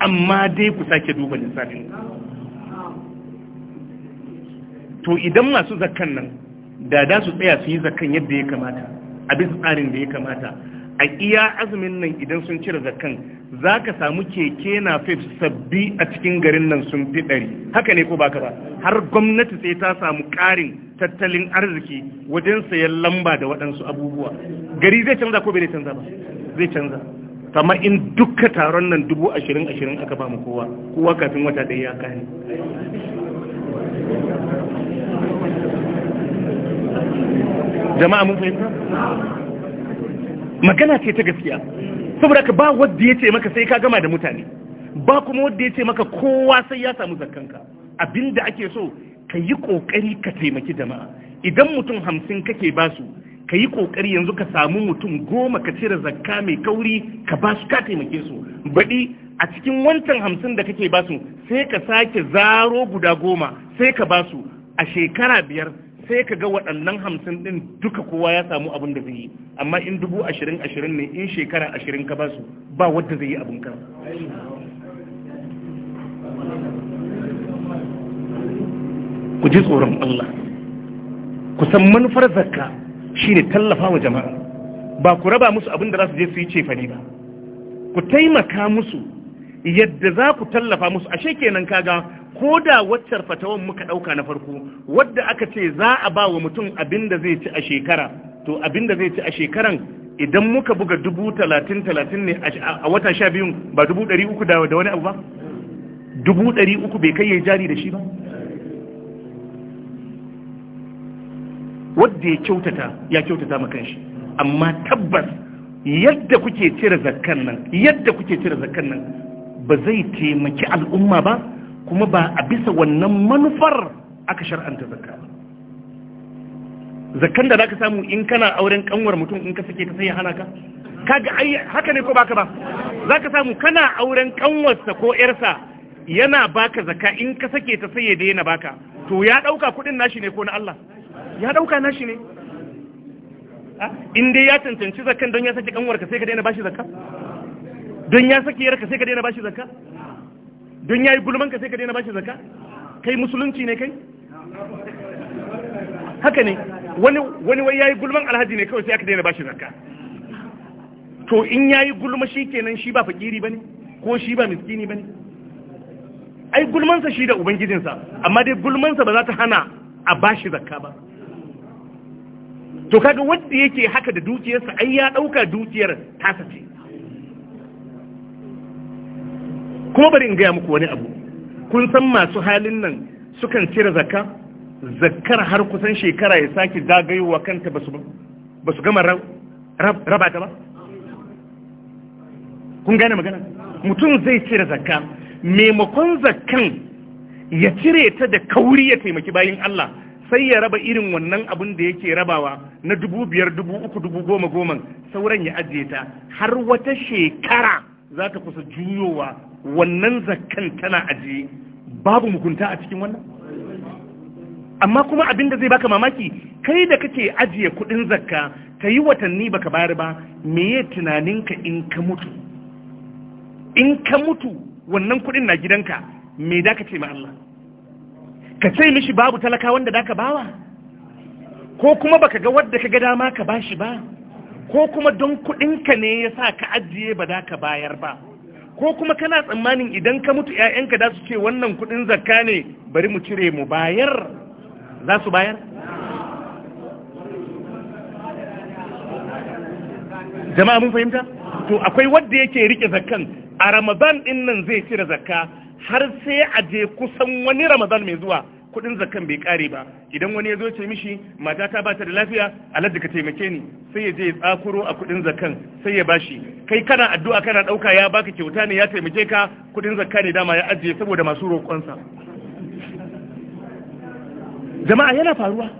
amma dai ku sake duba lissafin to idan masu zakan nan da da su tsaya su yi zakan yadda ya kamata a bisa tsarin da ya kamata a iya azumin nan idan sun cire zakan za ka samu keke na fif sabbi a cikin garin nan sun fi ɗari haka ne ko baka ba har gwamnati sai ta samu ƙarin tattalin arziki wajen sayan lamba da waɗansu abubuwa gari zai canza ko bai canza ba zai canza amma in duka taron nan dubu ashirin ashirin aka ba mu kowa kowa kafin wata ɗaya ya kane jama'a mun fahimta magana ce ta gaskiya saboda ka ba wadda ya ce maka sai ka gama da mutane ba kuma wadda ya ce maka kowa sai ya samu zakanka abinda ake so ka yi ƙoƙari ka taimaki jama'a idan mutum hamsin kake su ka yi ƙoƙari yanzu ka samu mutum goma ka cire zakka mai kauri ka ba su ka taimake su baɗi a cikin wancan hamsin da kake su sai ka sake zaro guda goma sai ka ba su a shekara biyar sai ka ga waɗannan hamsin ɗin duka kowa ya samu abin da zai yi amma in dubu ashirin ashirin ne in shekara ashirin ka basu ba wadda zai yi abin ka ku ji tsoron Allah ku san manufar zakka shine tallafa wa jama'a ba ku raba musu abin da za su je su yi cefane ba ku taimaka musu yadda za ku tallafa musu ashe kenan kaga ko da waccar fatawan muka ɗauka na farko wadda aka ce za a ba wa mutum abin da zai ci a shekara to abin da zai ci a shekaran idan muka buga dubu talatin talatin ne a wata sha biyun ba dubu ɗari uku da wani abu ba dubu ɗari uku bai kai ya jari da shi ba wadda ya kyautata ya kyautata makan shi amma tabbas yadda kuke cire zakkan nan yadda kuke cire zakkan nan ba zai taimaki al'umma ba kuma ba a bisa wannan manufar aka shar'anta zakka zakkan da zaka samu in kana auren kanwar mutum in ka sake ta sai ya hana ka kaga ai haka ne ko baka ba zaka samu kana auren kanwarsa ko yarsa yana baka zakka in ka sake ta sai ya daina baka to ya dauka kudin nashi ne ko na Allah ya dauka nashi ne ah, in dai ya cancanci zakkan don ya saki kanwarka sai ka daina bashi zakka don ya sake yarka sai ka daina bashi zakka don yi gulman ka sai ka daina bashi zakka kai musulunci ne kai haka ne wani wani wai yayi gulman alhaji ne kawai sai aka daina bashi zakka to in yayi gulma shi kenan shi ba fakiri bane ko shi ba miskini bane ai gulmansa shi da ubangijinsa amma dai gulmansa ba za ta hana a bashi zakka ba to kaga wanda yake haka da dukiyarsa ai ya dauka dukiyar tasa ce kuma bari in gaya muku wani abu kun san masu halin nan sukan cire zakka zakkar har kusan shekara ya sake zagayowa kanta ba su gama raba ta ba kun gane magana mutum zai cire zakka maimakon zakkan ya cire ta da kauri ya taimaki bayin Allah sai ya raba irin wannan abin da yake rabawa na dubu biyar dubu uku dubu goma goma sauran ya ajiye ta har wata shekara za ta kusa juyowa wannan zakkan tana ajiye babu mugunta a cikin wannan amma kuma abin da zai baka mamaki kai da kake ajiye kudin zakka ka yi watanni baka bayar ba me meye tunaninka in ka mutu in ka mutu wannan kudin na gidanka me da ka ce ma Allah ka ce mishi babu talaka wanda da ka bawa ko kuma baka ga wadda ka ga dama ka bashi ba ko kuma don kuɗinka ne ya sa ka ajiye ba za ka bayar ba ko kuma kana tsammanin idan ka mutu 'ya'yanka za su ce wannan kuɗin zakka ne bari mu cire mu bayar za su bayar jama'a mun fahimta to akwai wanda yake rike zakkan a ramadan ɗin nan zai cire zakka har sai a je kusan wani ramadan mai zuwa kudin zakan bai kare ba idan wani ya zo ce mishi mata ta bata da lafiya alhaji ka taimake ni sai ya je ya tsakuro a kudin zakan sai ya bashi kai kana addu'a kana dauka ya baka kyauta ne ya taimake ka kudin zakka ne dama ya ajiye saboda masu roƙonsa jama'a yana faruwa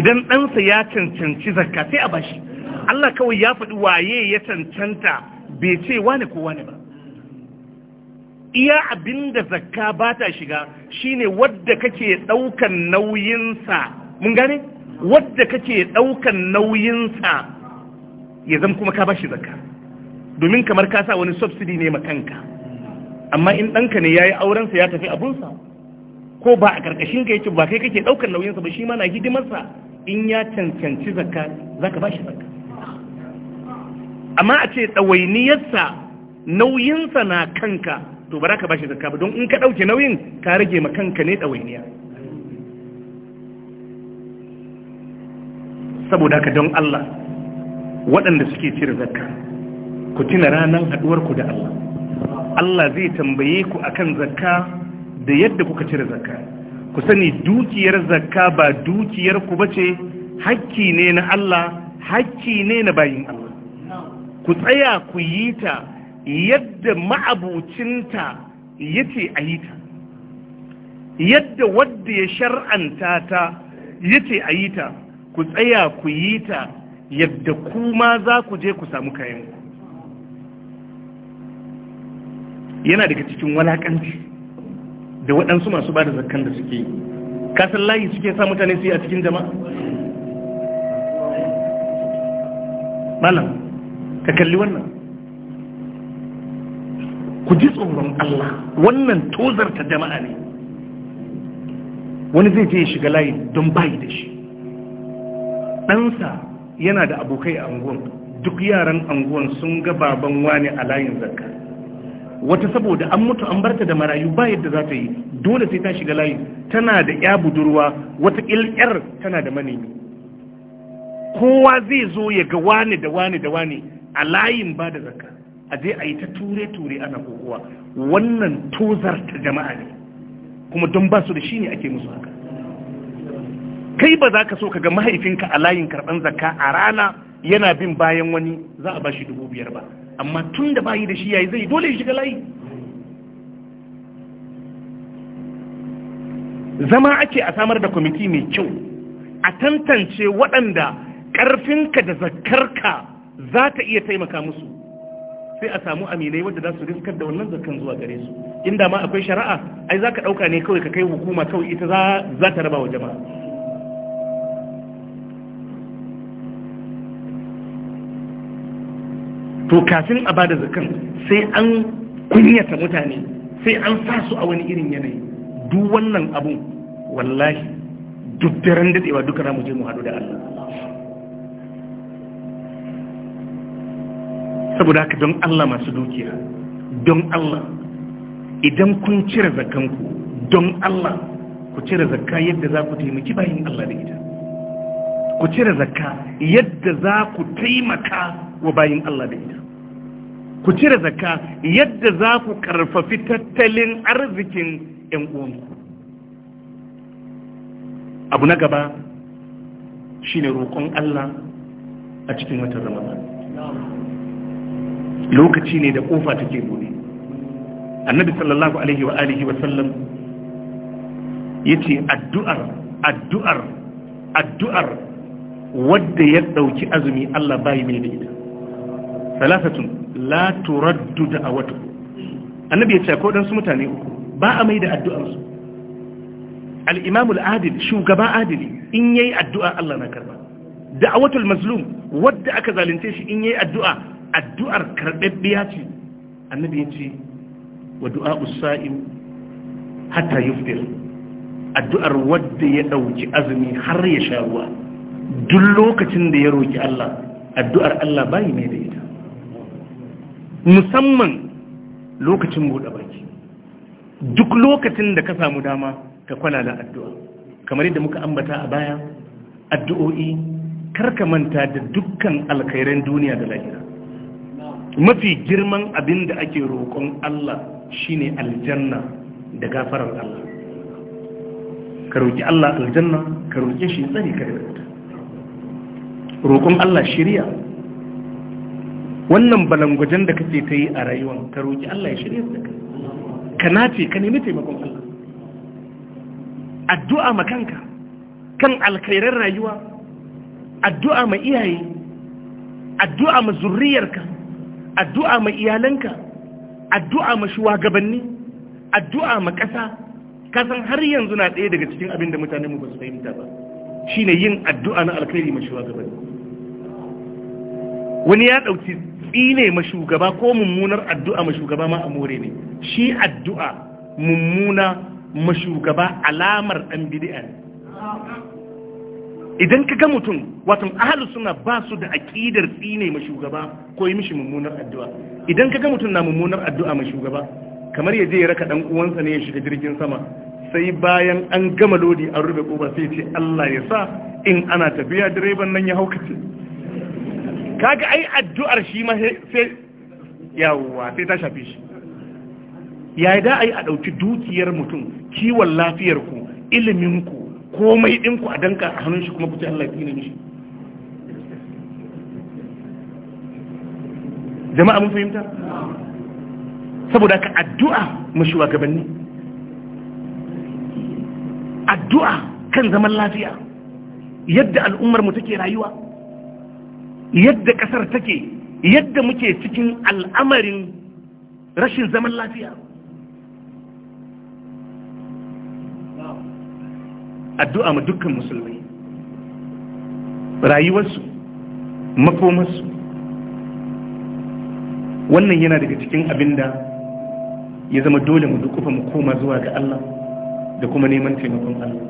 idan ɗansa ya cancanci zakka sai a bashi Allah kawai ya faɗi waye ya cancanta bai ce wane ko wane ba iya abinda zakka ba ta shiga shine wadda kake ɗaukan nauyinsa mun gane wadda kake ɗaukan nauyinsa ya zama kuma ka ba shi zakka domin kamar ka sa wani subsidy ne makanka amma in ɗanka ne ya yi aurensa ya tafi abunsa ko ba a ƙarƙashin ka yake ba kai kake ɗaukan nauyinsa ba shi ma na hidimarsa in ya cancanci zakka za ka ba shi zakka amma a ce ɗawainiyarsa nauyinsa na kanka to ba za ka bashi zakka ba don in ka ɗauke nauyin ka rage ma kanka ne ɗawainiya saboda ka don Allah waɗanda suke cire zakka ku tuna ranar haɗuwar ku da Allah Allah zai tambaye ku akan zakka da yadda kuka cire zakka ku sani dukiyar zakka ba dukiyar ku bace hakki ne na Allah hakki ne na bayin Allah ku tsaya ku yi ta yadda ma'abucinta ce a yi ta yadda wadda ya shar'anta ta yace a yi ta ku tsaya ku yi ta yadda kuma za ku je ku samu kayan yana daga cikin walakanci da waɗansu masu ba da zakkan da suke kasar layi suke sa mutane su yi a cikin jama'a malam ka kalli wannan ku ji tsoron Allah wannan tozarta jama'a ne wani zai je ya shiga layi don bayi da shi ɗansa yana da abokai a unguwan, duk yaran unguwan sun ga baban wani a layin zakka wata saboda an mutu an barta da marayu ba yadda za ta yi dole sai ta shiga layi tana da ya budurwa wata ƙilƙyar tana da manemi kowa zai zo ya ga wani da wani da wani a layin ba da zakka a je a yi ta ture-ture ana kokowa wannan tozar ta jama'a ne kuma don ba su da shi ne ake musu haka kai ba za ka so ka ga mahaifinka a layin karɓan zakka a rana yana bin bayan wani za a ba shi dubu biyar ba amma tun da bayi da shi yayi zai dole ya shiga layi zama ake a samar da kwamiti mai kyau a tantance waɗanda ƙarfinka da zakkarka za ta iya taimaka musu sai a samu aminai wadda za su riskar da wannan zakan zuwa gare su inda ma akwai shari'a ai za ka ɗauka ne kawai ka kai hukuma kawai ita za ta raba wa jama'a to kafin a bada zakan sai an kunyata mutane sai an sa su a wani irin yanayi duk wannan abun wallahi duk daren daɗewa duka za mu je mu haɗu da Allah saboda haka don Allah masu dukiya don Allah idan kun cire zakanku don Allah ku cire zakka yadda za ku taimaki bayan Allah da ita ku cire zakka yadda za ku taimaka wa bayan Allah da ita ku cire zakka yadda za ku karfafi tattalin arzikin 'yan uwanku abu na gaba shine roƙon Allah a cikin watan Ramadan lokaci ne da kofa take buɗe annabi sallallahu alaihi wa alihi wa sallam yace addu'ar addu'ar addu'ar wadda ya dauki azumi Allah bai mai da ita salatatun la turaddu da'awatu annabi yace ko dan su mutane uku ba a mai da addu'ar su al-imam al-adil shugaba adili in yayi addu'a Allah na karba da'awatul mazlum wadda aka zalunce shi in yayi addu'a addu'ar karɓaɓɓiya ce annabi ya ce wa du'a usa'im hatta yufdir addu'ar wadda ya ɗauki azumi har ya sha ruwa duk lokacin da ya roƙi Allah addu'ar Allah bayi mai da ita musamman lokacin buɗe baki duk lokacin da ka samu dama ka kwana da addu'a kamar yadda muka ambata a baya addu'o'i karka manta da dukkan alkhairan duniya da lahira mafi girman abin da ake roƙon Allah shine aljanna da gafarar Allah ka roƙi Allah aljanna ka roƙe shi tsari ka da roƙon Allah shirya wannan balangwajen da kake ta yi a rayuwan ka roƙi Allah ya shirya da kai ka nace ka nemi taimakon Allah addu'a ma kanka kan alkhairar rayuwa addu'a ma iyaye addu'a ma zurriyarka addu'a ma iyalanka addu'a ma shugabanni addu'a ma ƙasa kasan har yanzu na ɗaya daga cikin abin da mutane mu ba su fahimta ba shine yin addu'a na alkhairi ma shugabanni wani ya ɗauki tsine ma shugaba ko mummunar addu'a ma shugaba ma amore ne shi addu'a mummuna ma shugaba alamar ɗan bid'a idan ka ga mutum wato ahalu suna ba su da aƙidar tsine ma shugaba ko yi mishi mummunar addu'a idan ka ga mutum na mummunar addu'a ma shugaba kamar ya je ya raka dan uwansa ne ya shiga jirgin sama sai bayan an gama lodi an rufe koba sai ce Allah ya sa in ana tafiya direban nan ya haukace kaga ai addu'ar shi ma sai yawa sai ta shafe shi yayi da ai a ɗauki dukiyar mutum kiwon lafiyar ku ilimin ku komai ɗinku a danka a hannun shi kuma ku ci Allah ya mishi jama'a mun fahimta saboda ka addu'a wa gabanni. addu'a kan zaman lafiya yadda al'ummar mu take rayuwa yadda kasar take yadda muke cikin al'amarin rashin zaman lafiya addu'a ma dukkan musulmai rayuwarsu makomarsu wannan yana daga cikin abin da ya zama dole mu dukufa mu koma zuwa ga Allah da kuma neman taimakon Allah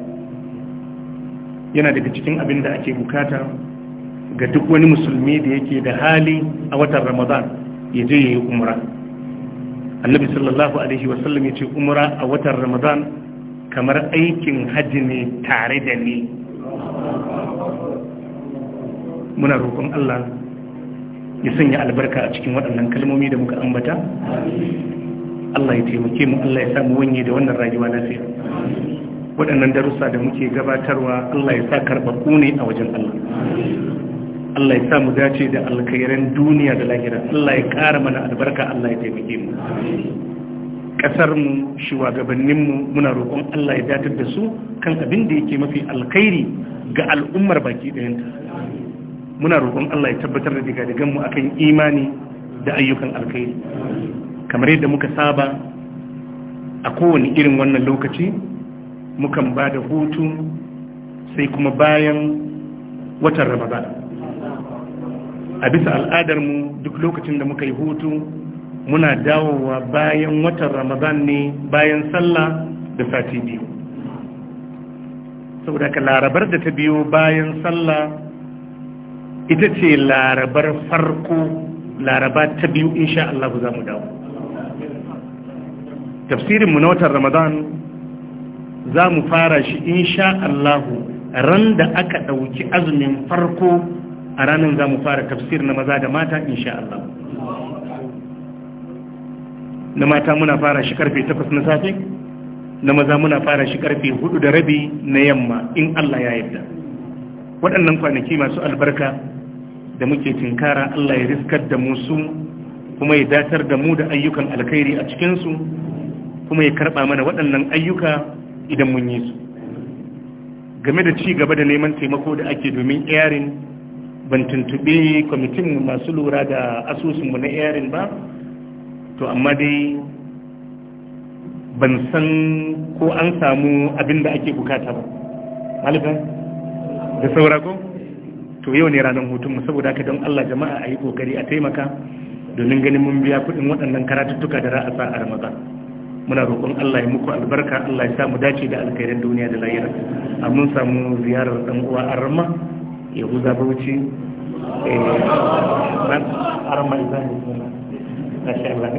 yana daga cikin abin da ake bukata ga duk wani musulmi da yake da hali a watan ramadan ya je ya yi umra annabi sallallahu alaihi wasallam ya ce umra a watan ramadan kamar aikin hajji ne tare da ni muna roƙon Allah ya sanya albarka a cikin waɗannan kalmomi da muka ambata Allah ya taimake mu Allah ya samu wanye da wannan rayuwa lafiya waɗannan darussa da muke gabatarwa Allah ya sa karɓaɓɓu ne a wajen Allah Allah ya sa mu dace da alkhairan duniya da lahira Allah ya ƙara mana albarka Allah ya taimake mu ƙasarmu shugabanninmu muna roƙon Allah ya datar da su kan abin da yake mafi alkhairi ga al'ummar baki ɗayanta muna roƙon Allah ya tabbatar da mu akan imani da ayyukan alkhairi kamar yadda muka saba a kowane irin wannan lokaci mukan ba da hutu sai kuma bayan watan ramadan a bisa al'adar mu duk lokacin da muka yi hutu muna dawowa bayan watan ramadan ne bayan sallah da sati biyu saboda ka larabar da ta biyo bayan sallah ita ce larabar farko laraba ta biyu insha Allah za mu dawo tafsirinmu na watan ramadan za mu fara shi insha Allah ran da aka ɗauki azumin farko a ranar za mu fara tafsir na maza da mata insha Allah na mata muna fara shi karfe takwas na safe na maza muna fara shi karfe hudu da rabi na yamma in Allah ya yarda waɗannan kwanaki masu albarka da muke tinkara Allah ya riskar da mu su kuma ya datar da mu da ayyukan alkhairi a cikinsu kuma ya karɓa mana waɗannan ayyuka idan mun yi su game da ci gaba da neman taimako da ake domin airing ban tuntuɓe kwamitin masu lura da asusunmu na airing ba to amma dai ban san ko an samu abin da ake bukata ba malibin da saura to yau ne ranar hutunmu saboda haka don allah jama'a a yi kokari a taimaka domin ganin mun biya kudin waɗannan karatuttuka da ra'asa a ramadan muna roƙon allah ya muku albarka allah ya sa mu dace da alkhairin duniya da lahira a mun samu ziyarar dan uwa a arma yahuza bauchi eh, rama izani masha Allah